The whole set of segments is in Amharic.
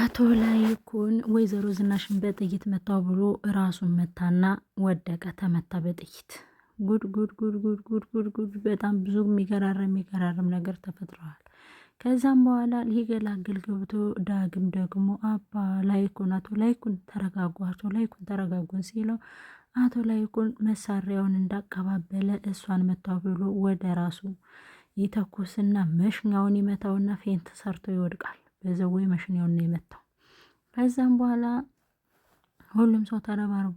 አቶ ላይኩን ወይዘሮ ዝናሽን በጥይት መታው ብሎ ራሱን መታና ወደቀ። ተመታ በጥይት ጉድ ጉድ ጉድ ጉድ ጉድ ጉድ ጉድ። በጣም ብዙ የሚገራረም የሚገራረም ነገር ተፈጥረዋል። ከዛም በኋላ ሊገላግል ገብቶ ዳግም ደግሞ አባ ላይኩን አቶ ላይኩን ተረጋጉ፣ አቶ ላይኩን ተረጋጉን ሲለው አቶ ላይኩን መሳሪያውን እንዳቀባበለ እሷን መታው ብሎ ወደ ራሱ ይተኩስና መሽኛውን ይመታውና ፌንት ሰርቶ ይወድቃል። በዘዌ መሽኔውን ነው የመታው። ከዛም በኋላ ሁሉም ሰው ተረባርቦ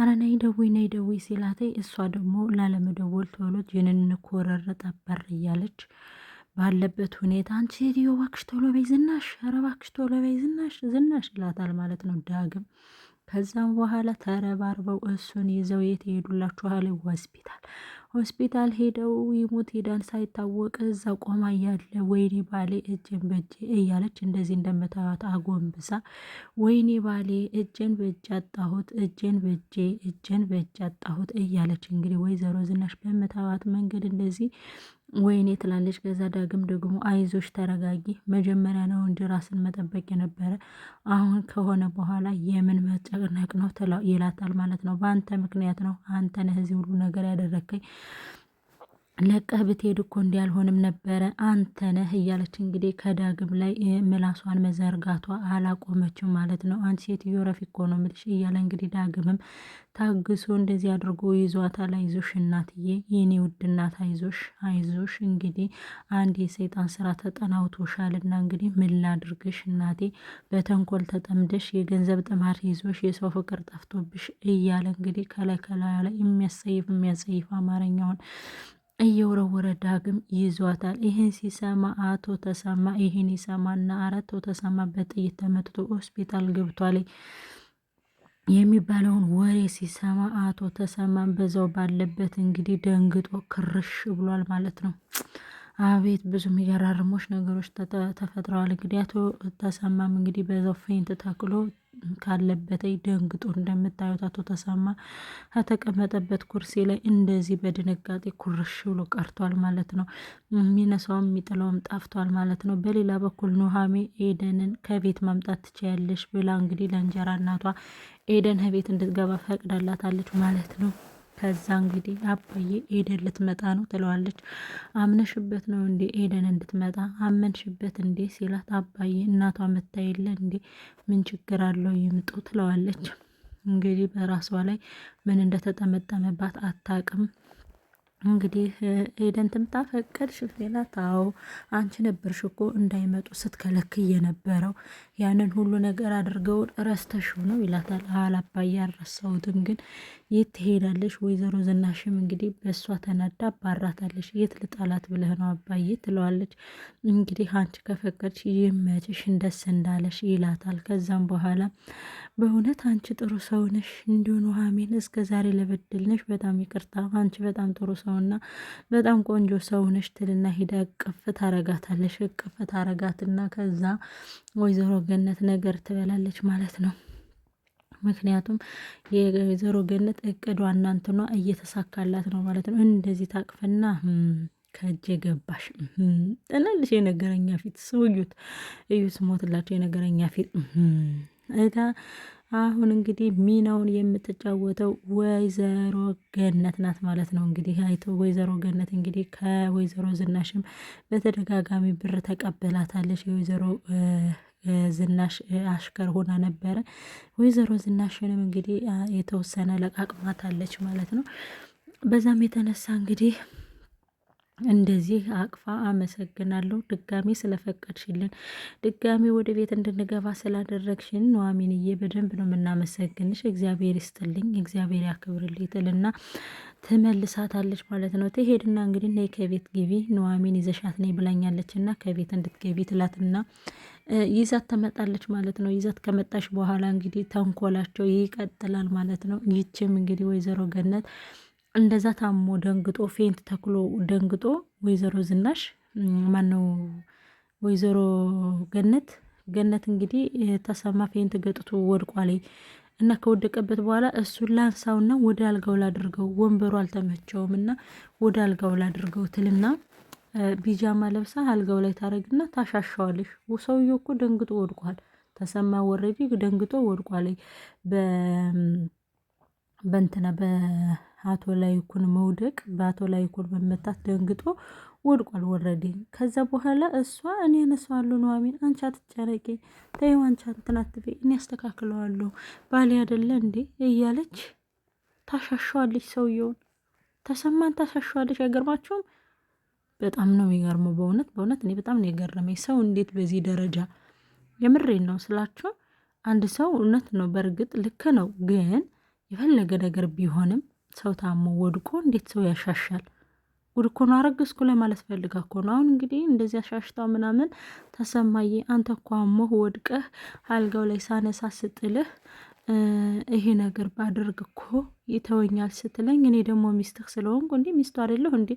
አረ ነይ ደውይ ነይ ደውይ ሲላት፣ እሷ ደግሞ ላለመደወል ቶሎ ጅንን ኮረር ጠበር እያለች ባለበት ሁኔታ አንቺ ሴትዮ እባክሽ ቶሎ በይ ዝናሽ፣ ኧረ እባክሽ ቶሎ በይ ዝናሽ ዝናሽ ይላታል ማለት ነው ዳግም። ከዛም በኋላ ተረባርበው እሱን ይዘው የት ይሄዱላችኋል? ሆስፒታል ሆስፒታል ሄደው ይሙት ሄዳል ሳይታወቅ እዛ ቆማ ያለ ወይኔ ባሌ እጄን በእጄ እያለች እንደዚህ እንደምታዩት አጎንብሳ ወይኔ ባሌ እጄን በእጄ አጣሁት፣ እጄን በእጄ እጄን በእጄ አጣሁት እያለች እንግዲህ ወይዘሮ ዝናሽ በምታዩት መንገድ እንደዚህ ወይኔ ትላለች። ከዛ ዳግም ደግሞ አይዞች ተረጋጊ፣ መጀመሪያ ነው እንጂ ራስን መጠበቅ የነበረ አሁን ከሆነ በኋላ የምን መጨነቅ ነው ይላታል ማለት ነው። በአንተ ምክንያት ነው፣ አንተ ነህ እዚህ ሁሉ ነገር ያደረከኝ ለቀህ ብትሄድ እኮ እንዲህ አልሆንም ነበረ አንተ ነህ እያለች እንግዲህ ከዳግም ላይ ምላሷን መዘርጋቷ አላቆመችም ማለት ነው። አንድ ሴትዮ ረፊ እኮ ነው የምልሽ እያለ እንግዲህ ዳግምም ታግሶ እንደዚህ አድርጎ ይዟታል። አይዞሽ እናትዬ፣ የኔ ውድ እናት፣ አይዞሽ አይዞሽ። እንግዲህ አንድ የሰይጣን ስራ ተጠናውቶሻልና እንግዲህ ምን ላድርግሽ እናቴ፣ በተንኮል ተጠምደሽ የገንዘብ ጥማት ይዞሽ የሰው ፍቅር ጠፍቶብሽ እያለ እንግዲህ ከላይ ከላይ ላይ የሚያሰይፍ የሚያጸይፍ አማርኛውን እየወረወረ ዳግም ይዟታል። ይህን ሲሰማ አቶ ተሰማ ይህን ይሰማና አቶ ተሰማ በጥይት ተመትቶ ሆስፒታል ገብቷል የሚባለውን ወሬ ሲሰማ አቶ ተሰማ በዛው ባለበት እንግዲህ ደንግጦ ክርሽ ብሏል ማለት ነው። አቤት ብዙ የሚገራርሞች ነገሮች ተፈጥረዋል። እንግዲህ አቶ ተሰማም እንግዲህ በዛው ፌንት ተክሎ ካለበት ደንግጦ እንደምታዩት አቶ ተሰማ ከተቀመጠበት ኩርሲ ላይ እንደዚህ በድንጋጤ ኩርሽ ብሎ ቀርቷል ማለት ነው። የሚነሳውም የሚጥለውም ጠፍቷል ማለት ነው። በሌላ በኩል ኑሃሜ ኤደንን ከቤት ማምጣት ትችያለሽ ብላ እንግዲህ ለእንጀራ እናቷ ኤደን ከቤት እንድትገባ ፈቅዳላታለች ማለት ነው። ከዛ እንግዲህ አባዬ ኤደን ልትመጣ ነው ትለዋለች። አምነሽበት ነው እንዴ ኤደን እንድትመጣ አመንሽበት እንዴ ሲላት፣ አባዬ እናቷ መታየለ እንዴ ምን ችግር አለው ይምጡ ትለዋለች። እንግዲህ በራሷ ላይ ምን እንደተጠመጠመባት አታቅም። እንግዲህ ኤደን ትምጣ ፈቀድሽ ሌላት? አዎ አንቺ ነበርሽ እኮ እንዳይመጡ ስትከለክ የነበረው ያንን ሁሉ ነገር አድርገው ረስተሽው ነው ይላታል። አላባዬ አልረሳሁትም፣ ግን የት ትሄዳለሽ? ወይዘሮ ዝናሽም እንግዲህ በእሷ ተናዳ ባራታለሽ። የት ልጣላት ብለህ ነው አባዬ ትለዋለች። እንግዲህ አንቺ ከፈቀድሽ ይመችሽ እንደስ እንዳለሽ ይላታል። ከዛም በኋላ በእውነት አንቺ ጥሩ ሰውነሽ ነሽ፣ እንዲሁ ኑሐሚን እስከዛሬ ለበደልነሽ በጣም ይቅርታ፣ አንቺ በጣም ጥሩ ሰው ነውና በጣም ቆንጆ ሰው ነሽ ትልና ሂዳ እቅፍት አረጋታለች። እቅፍት አረጋትና ከዛ ወይዘሮ ገነት ነገር ትበላለች ማለት ነው። ምክንያቱም የወይዘሮ ገነት እቅዷ እናንትኗ እየተሳካላት ነው ማለት ነው። እንደዚህ ታቅፍና ከእጅ ገባሽ ጥናልሽ የነገረኛ ፊት ስውዩት እዩ ስሞትላቸው የነገረኛ ፊት እታ አሁን እንግዲህ ሚናውን የምትጫወተው ወይዘሮ ገነት ናት ማለት ነው። እንግዲህ አይቶ ወይዘሮ ገነት እንግዲህ ከወይዘሮ ዝናሽም በተደጋጋሚ ብር ተቀበላታለች። የወይዘሮ ዝናሽ አሽከር ሆና ነበረ። ወይዘሮ ዝናሽንም እንግዲህ የተወሰነ ለቃቅማታለች ማለት ነው። በዛም የተነሳ እንግዲህ እንደዚህ አቅፋ አመሰግናለሁ፣ ድጋሚ ስለፈቀድሽልን፣ ድጋሚ ወደ ቤት እንድንገባ ስላደረግሽን ኑሐሚንዬ በደንብ ነው የምናመሰግንሽ። እግዚአብሔር ይስጥልኝ፣ እግዚአብሔር ያክብርልኝ ትልና ትመልሳታለች ማለት ነው። ትሄድና እንግዲህ ነይ ከቤት ግቢ ኑሐሚን ይዘሻት ነይ ብላኛለች እና ከቤት እንድትገቢ ትላትና ይዛት ተመጣለች ማለት ነው። ይዛት ከመጣሽ በኋላ እንግዲህ ተንኮላቸው ይቀጥላል ማለት ነው። ይችም እንግዲህ ወይዘሮ ገነት እንደዛ ታሞ ደንግጦ ፌንት ተክሎ ደንግጦ ወይዘሮ ዝናሽ ማነው ወይዘሮ ገነት ገነት እንግዲህ ተሰማ ፌንት ገጥቶ ወድቋል እና ከወደቀበት በኋላ እሱን ላንሳውና ወደ አልጋው ላድርገው፣ ወንበሩ አልተመቸውም እና ወደ አልጋው ላድርገው ትልና ቢጃማ ለብሳ አልጋው ላይ ታረግና ታሻሻዋለሽ። ሰውዬው እኮ ደንግጦ ወድቋል። ተሰማ ወረዲ ደንግጦ ወድቋል በእንትና በ አቶ ላይኩን መውደቅ በአቶ ላይኩን መመታት ደንግጦ ወድቋል። ወረዴ ከዛ በኋላ እሷ እኔ አነሳዋለሁ ኑሐሚን፣ አንቺ አትጨነቂ፣ ተይው፣ አንቺ እንትን አትበይ፣ እኔ አስተካክለዋለሁ ባሌ አይደለ እንዴ እያለች ታሻሸዋለች። ሰውየውን ተሰማን ታሻሸዋለች። አይገርማችሁም? በጣም ነው የሚገርመው። በእውነት በእውነት እኔ በጣም ነው የገረመኝ። ሰው እንዴት በዚህ ደረጃ የምሬን ነው ስላችሁ አንድ ሰው እውነት ነው፣ በእርግጥ ልክ ነው። ግን የፈለገ ነገር ቢሆንም ሰው ታሞ ወድቆ እንዴት ሰው ያሻሻል? ጉድ እኮ ነው። አረገዝኩ ለማለት ፈልጋ እኮ ነው። አሁን እንግዲህ እንደዚህ አሻሽታው ምናምን ተሰማዬ፣ አንተ እኮ አሞህ ወድቀህ አልጋው ላይ ሳነሳ ስጥልህ ይሄ ነገር ባደርግ እኮ ይተወኛል ስትለኝ፣ እኔ ደግሞ ሚስትህ ስለሆንኩ እንዲህ ሚስቱ አይደለሁ እንዲ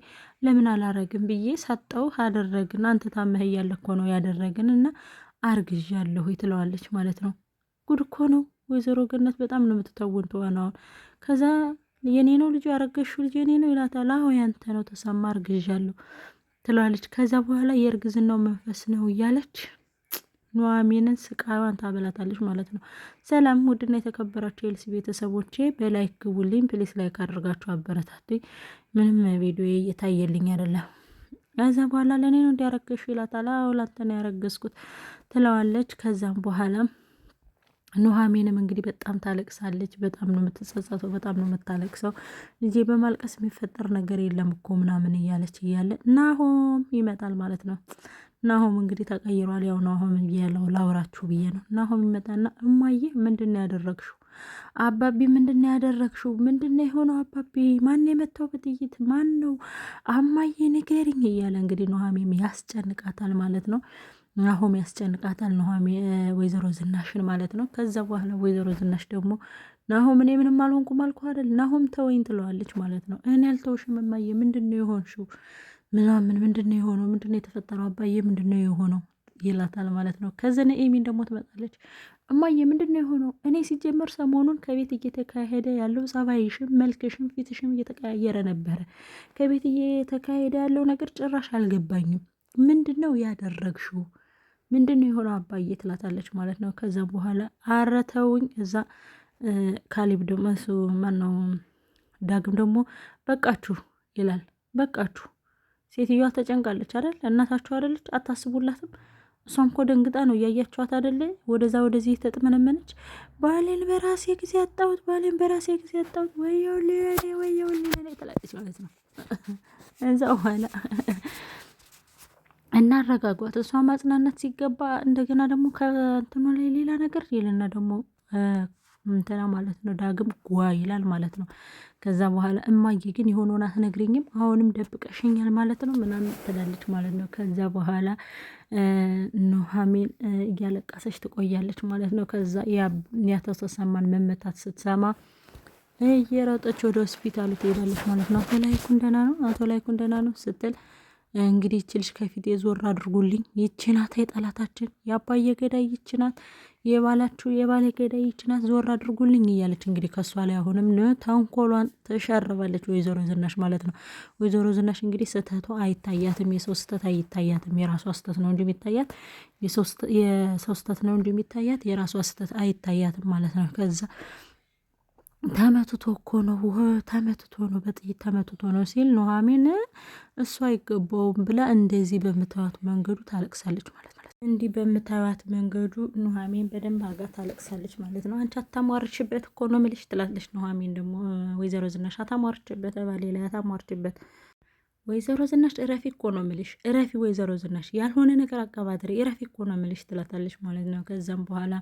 ለምን አላረግም ብዬ ሳጠው አደረግን። አንተ ታመህ እያለ እኮ ነው ያደረግን እና አርግዣለሁ ትለዋለች ማለት ነው። ጉድ እኮ ነው። ወይዘሮ ገነት በጣም ነው የምትተውን ትሆነውን ከዛ የኔ ነው ልጁ ያረገሽው ልጅ የኔ ነው ይላታል። አዎ ያንተ ነው ተሰማ አርግዣለሁ ትለዋለች። ከዛ በኋላ የእርግዝናው መንፈስ ነው እያለች ኑሐሚንን ስቃዋን ታበላታለች ማለት ነው። ሰላም ውድና የተከበራቸው የኤልሲ ቤተሰቦቼ በላይክ ግቡልኝ ፕሌስ ላይክ አድርጋችሁ አበረታቱኝ። ምንም ቪዲዮ እየታየልኝ አይደለም። ከዛ በኋላ ለእኔ ነው እንዲያረገሽው ይላታል። አዎ ላንተ ነው ያረገዝኩት ትለዋለች። ከዛም በኋላም ኑሐሚንም እንግዲህ በጣም ታለቅሳለች። በጣም ነው የምትጸጸተው፣ በጣም ነው የምታለቅሰው። ልጄ በማልቀስ የሚፈጠር ነገር የለም እኮ ምናምን እያለች እያለ ናሆም ይመጣል ማለት ነው። ናሆም እንግዲህ ተቀይሯል። ያው ናሆም እያለው ላውራችሁ ብዬ ነው። ናሆም ይመጣና እማዬ ምንድን ነው ያደረግሽው? አባቢ ምንድን ነው ያደረግሽው? ምንድን ነው የሆነው? አባቢ ማን የመታው በጥይት ማን ነው? አማዬ ንገሪኝ እያለ እንግዲህ ኑሐሚንም ያስጨንቃታል ማለት ነው። ናሆም ያስጨንቃታል። ናሆም ወይዘሮ ዝናሽን ማለት ነው። ከዛ በኋላ ወይዘሮ ዝናሽ ደግሞ ናሆም እኔ ምንም አልሆንኩም አልኩህ አይደል ናሆም ተወኝ ትለዋለች ማለት ነው። እኔ አልተውሽም እማዬ፣ ምንድን ነው የሆንሽው? ምናምን ምንድን ነው የሆነው? ምንድን ነው የተፈጠረው? አባዬ ምንድን ነው የሆነው ይላታል ማለት ነው። ከዘነ ኤሚን ደግሞ ትመጣለች። እማዬ ምንድን ነው የሆነው? እኔ ሲጀመር ሰሞኑን ከቤት እየተካሄደ ያለው ጸባይሽም፣ መልክሽም፣ ፊትሽም እየተቀያየረ ነበረ። ከቤት እየተካሄደ ያለው ነገር ጭራሽ አልገባኝም። ምንድን ነው ያደረግሽው? ምንድን ነው የሆነ አባዬ ትላታለች ማለት ነው። ከዛ በኋላ አረተውኝ እዛ ካሊብ ደግሞ እሱ ማነው ዳግም ደግሞ በቃችሁ ይላል። በቃችሁ ሴትዮዋ ተጨንቃለች አይደል? እናታችሁ አይደለች? አታስቡላትም? እሷም እኮ ደንግጣ ነው እያያችኋት አይደለ? ወደዛ ወደዚህ ተጥመነመነች። ባሌን በራሴ ጊዜ ያጣሁት፣ ባሌን በራሴ ጊዜ ያጣሁት፣ ወየውልኔ ወየውልኔ ትላለች ማለት ነው። እዛ በኋላ እናረጋጓት። እሷ ማጽናናት ሲገባ እንደገና ደግሞ ከእንትኑ ላይ ሌላ ነገር ይልና ደግሞ እንትና ማለት ነው ዳግም ጓ ይላል ማለት ነው። ከዛ በኋላ እማዬ ግን የሆነውን አትነግሪኝም አሁንም ደብቀሽኛል ማለት ነው ምናምን ትላለች ማለት ነው። ከዛ በኋላ ኑሐሚን እያለቀሰች ትቆያለች ማለት ነው። ከዛ ያተሰሰማን መመታት ስትሰማ እየሮጠች ወደ ሆስፒታሉ ትሄዳለች ማለት ነው። አቶ ላይኩን ደህና ነው፣ አቶ ላይኩን ደህና ነው ስትል እንግዲህ ይቺ ልጅ ከፊት የዞር አድርጉልኝ። ይቺ ናት የጠላታችን፣ የአባየ ገዳይ ይቺ ናት፣ የባላችሁ የባለ ገዳይ ይቺ ናት፣ ዞር አድርጉልኝ እያለች እንግዲህ ከእሷ ላይ አሁንም ተንኮሏን ተሸርባለች ወይዘሮ ዝናሽ ማለት ነው። ወይዘሮ ዝናሽ እንግዲህ ስህተቷ አይታያትም፣ የሰው ስህተት አይታያትም። የራሷ ስህተት ነው እንጂ የሚታያት የሰው ስህተት ነው እንጂ የሚታያት የራሷ ስህተት አይታያትም ማለት ነው ከዛ ተመትቶ እኮ ነው ተመትቶ ነው በጥይት ተመትቶ ነው ሲል ኑሐሚን እሱ አይገባውም ብላ እንደዚህ በምታዩት መንገዱ ታለቅሳለች ማለት ነው። እንዲህ በምታዩት መንገዱ ኑሐሚን በደንብ አጋ ታለቅሳለች ማለት ነው። አንቺ አታሟርችበት እኮ ነው የምልሽ ትላለች ኑሐሚን ደግሞ ወይዘሮ ዝናሽ አታሟርችበት፣ ባሌ ላይ አታሟርችበት ወይዘሮ ዝናሽ እረፊ እኮ ነው የምልሽ እረፊ፣ ወይዘሮ ዝናሽ ያልሆነ ነገር አቀባድሪ እረፊ እኮ ነው የምልሽ ትላታለች ማለት ነው። ከዛም በኋላ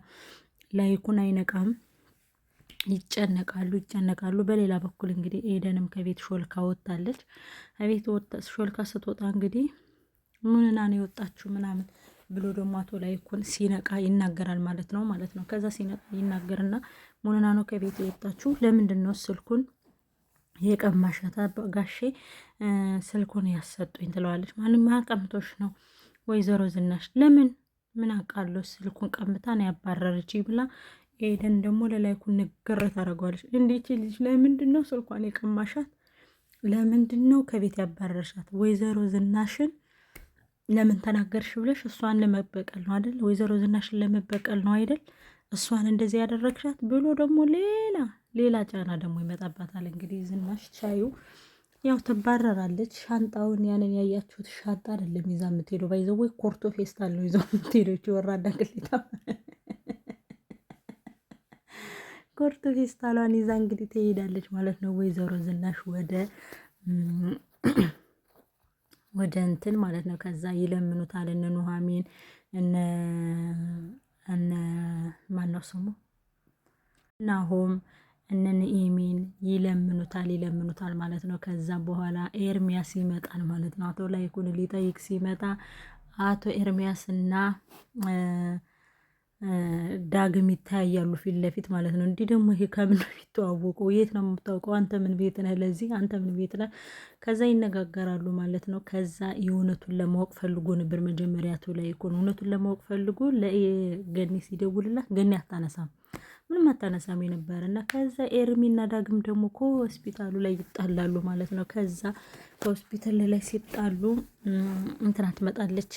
ላይኩን አይነቃም ይጨነቃሉ ይጨነቃሉ። በሌላ በኩል እንግዲህ ኤደንም ከቤት ሾልካ ወጥታለች። ከቤት ሾልካ ስትወጣ እንግዲህ ምንና ነው የወጣችሁ ምናምን ብሎ ደግሞ አቶ ላይኩን ሲነቃ ይናገራል ማለት ነው ማለት ነው። ከዛ ሲነቃ ይናገርና ምንና ነው ከቤት የወጣችሁ? ለምንድን ነው ስልኩን የቀማሻት? ጋሼ ስልኩን ያሰጡኝ ትለዋለች። ማንም ቀምቶሽ ነው ወይዘሮ ዝናሽ? ለምን ምን አውቃለሁ ስልኩን ቀምታ ነው ያባረረች ብላ ኤደን ደግሞ ለላይኩ ንግር ታደርገዋለች። እንዴች ልጅ ለምንድን ነው ስልኳን የቀማሻት? ለምንድን ነው ከቤት ያባረርሻት? ወይዘሮ ዝናሽን ለምን ተናገርሽ ብለሽ እሷን ለመበቀል ነው አይደል? ወይዘሮ ዝናሽን ለመበቀል ነው አይደል? እሷን እንደዚህ ያደረግሻት ብሎ ደግሞ ሌላ ሌላ ጫና ደግሞ ይመጣባታል። እንግዲህ ዝናሽ ቻዩ ያው ትባረራለች። ሻንጣውን ያንን ያያችሁት ሻንጣ አይደለም ይዛ የምትሄደው፣ ባይዘወይ ኮርቶ ፌስታል ነው ይዘው የምትሄደች ወራዳ ግሌታ ኮርቱ ፌስታሏን ይዛ እንግዲህ ትሄዳለች ማለት ነው። ወይዘሮ ዝናሽ ወደ ወደ እንትን ማለት ነው። ከዛ ይለምኑታል እነ ኑሐሚን እነ እነ ማነው ስሙ ናሆም እነ ኢሚን ይለምኑታል ይለምኑታል ማለት ነው። ከዛ በኋላ ኤርሚያስ ይመጣል ማለት ነው። አቶ ላይኩን ሊጠይቅ ሲመጣ አቶ ኤርሚያስና ዳግም ይተያያሉ ፊት ለፊት ማለት ነው። እንዲህ ደግሞ ይሄ ከምን ነው የት ነው የምታውቀው? አንተ ምን ቤት ነህ? ለዚህ አንተ ምን ቤት ነህ? ከዛ ይነጋገራሉ ማለት ነው። ከዛ የእውነቱን ለማወቅ ፈልጎ ነበር መጀመሪያ ቱ ላይ እውነቱን ለማወቅ ፈልጎ ለገኒ ሲደውልላት ገኒ አታነሳም፣ ምንም አታነሳም የነበረ እና ከዛ ኤርሚና ዳግም ደግሞ ከሆስፒታሉ ላይ ይጣላሉ ማለት ነው። ከዛ ከሆስፒታል ላይ ሲጣሉ እንትና ትመጣለች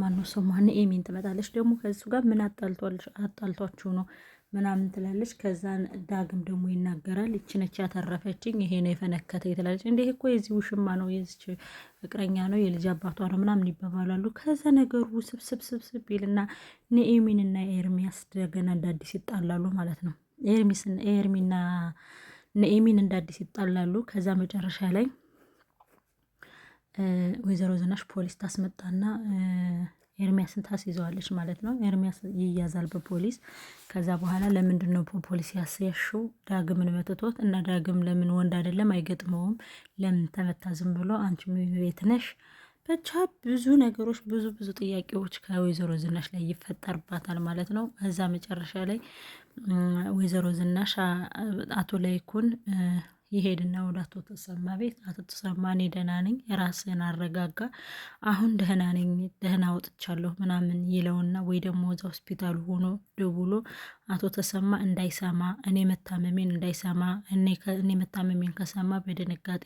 ማነው ሰው ማን ኤሚን ትመጣለች ደግሞ ከሱ ጋር ምን አጣልቷችሁ ነው ምናምን ትላለች። ከዛ ዳግም ደግሞ ይናገራል። ይቺ ነች ያተረፈችኝ፣ ይሄ ነው የፈነከተ ትላለች። እንዴ እኮ የዚህ ውሽማ ነው የዚች ፍቅረኛ ነው የልጅ አባቷ ነው ምናምን ይባባላሉ። ከዛ ነገሩ ስብስብ ይልና ኑኤሚንና ኤርሚያስ ደገና እንዳዲስ ይጣላሉ ማለት ነው። ኤርሚና ኑኤሚን እንዳዲስ ይጣላሉ። ከዛ መጨረሻ ላይ ወይዘሮ ዝናሽ ፖሊስ ታስመጣና ኤርሚያስን ታስይዘዋለች ማለት ነው። ኤርሚያስ ይያዛል በፖሊስ። ከዛ በኋላ ለምንድን ነው ፖሊስ ያስያሽው? ዳግምን መትቶት እና ዳግም ለምን ወንድ አይደለም አይገጥመውም? ለምን ተመታ? ዝም ብሎ አንቺ ቤት ነሽ። ብቻ ብዙ ነገሮች ብዙ ብዙ ጥያቄዎች ከወይዘሮ ዝናሽ ላይ ይፈጠርባታል ማለት ነው። እዛ መጨረሻ ላይ ወይዘሮ ዝናሽ አቶ ላይኩን ይሄድና ወደ አቶ ተሰማ ቤት አቶ ተሰማ እኔ ደህና ነኝ፣ ራስህን አረጋጋ፣ አሁን ደህና ነኝ፣ ደህና ወጥቻለሁ ምናምን ይለውና ወይ ደግሞ እዛ ሆስፒታሉ ሆኖ ደውሎ አቶ ተሰማ እንዳይሰማ እኔ መታመሜን እንዳይሰማ እኔ መታመሜን ከሰማ በድንጋጤ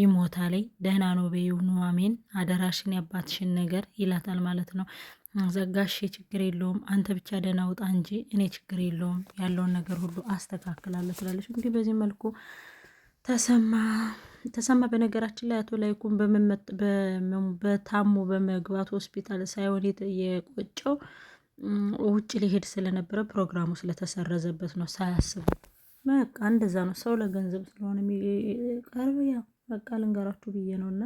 ይሞታል። ደህና ነው በይው ኑሐሚን፣ አደራሽን ያባትሽን ነገር ይላታል ማለት ነው። ዘጋሽ ችግር የለውም አንተ ብቻ ደህና ውጣ እንጂ እኔ ችግር የለውም ያለውን ነገር ሁሉ አስተካክላለሁ ትላለች። እንግዲህ በዚህ መልኩ ተሰማ ተሰማ በነገራችን ላይ አቶ ላይኩን በታሙ በመግባት ሆስፒታል ሳይሆን የቆጨው ውጭ ሊሄድ ስለነበረ ፕሮግራሙ ስለተሰረዘበት ነው። ሳያስቡ በቃ እንደዛ ነው። ሰው ለገንዘብ ስለሆነ ቀርብ ያው በቃ ልንገራችሁ ብዬ ነው። እና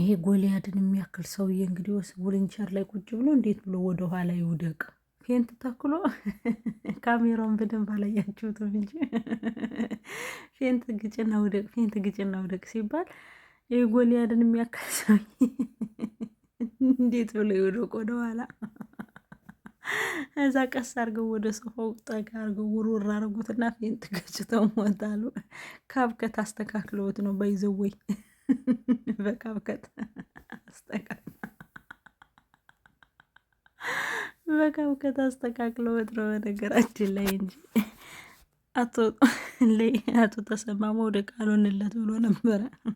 ይሄ ጎልያድን የሚያክል ሰውዬ እንግዲህ ውልንቸር ላይ ቁጭ ብሎ እንዴት ብሎ ወደኋላ ይውደቅ? ፌንት ተክሎ ካሜራውን በደንብ አላያችሁትም እንጂ ፌንት ግጭና ውደቅ፣ ፌንት ግጭና ውደቅ ሲባል የጎልያድን የሚያክል ሰው እንዴት ብሎ ይወደቅ ወደኋላ። እዛ ቀስ አርገው ወደ ሶፋው ጠጋ አርገው ውርውር አርጉትና ፌንት ገጭተው ሞታሉ። ካብከት አስተካክለውት ነው ባይዘወይ በካብከት በካብከት አስተካክለውት ነው በነገራችን ላይ እንጂ አቶ ተሰማ ወደ ቃልሆንለት ብሎ ነበረ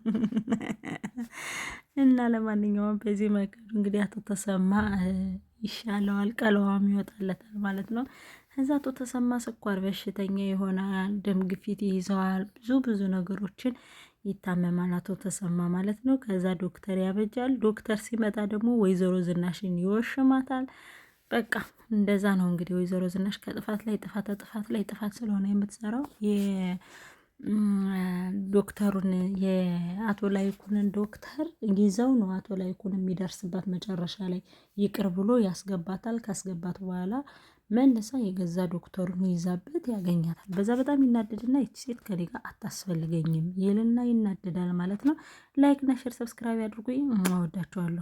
እና ለማንኛውም በዚህ መንገዱ እንግዲህ አቶ ተሰማ ይሻለዋል፣ ቀለዋም ይወጣለታል ማለት ነው። ከዛ አቶ ተሰማ ስኳር በሽተኛ ይሆናል፣ ደም ግፊት ይይዘዋል፣ ብዙ ብዙ ነገሮችን ይታመማል አቶ ተሰማ ማለት ነው። ከዛ ዶክተር ያበጃል። ዶክተር ሲመጣ ደግሞ ወይዘሮ ዝናሽን ይወሽማታል። በቃ እንደዛ ነው እንግዲህ ወይዘሮ ዝናሽ ከጥፋት ላይ ጥፋት ጥፋት ላይ ጥፋት ስለሆነ የምትሰራው የዶክተሩን የአቶ ላይኩንን ዶክተር ይዘው ነው አቶ ላይኩን የሚደርስባት መጨረሻ ላይ ይቅር ብሎ ያስገባታል። ካስገባት በኋላ መልሳ የገዛ ዶክተሩን ይዛበት ያገኛታል። በዛ በጣም ይናደድና ይቺ ሴት ከኔ ጋር አታስፈልገኝም ይልና ይናደዳል ማለት ነው። ና ሼር ሰብስክራይብ አድርጉ። እወዳቸዋለሁ።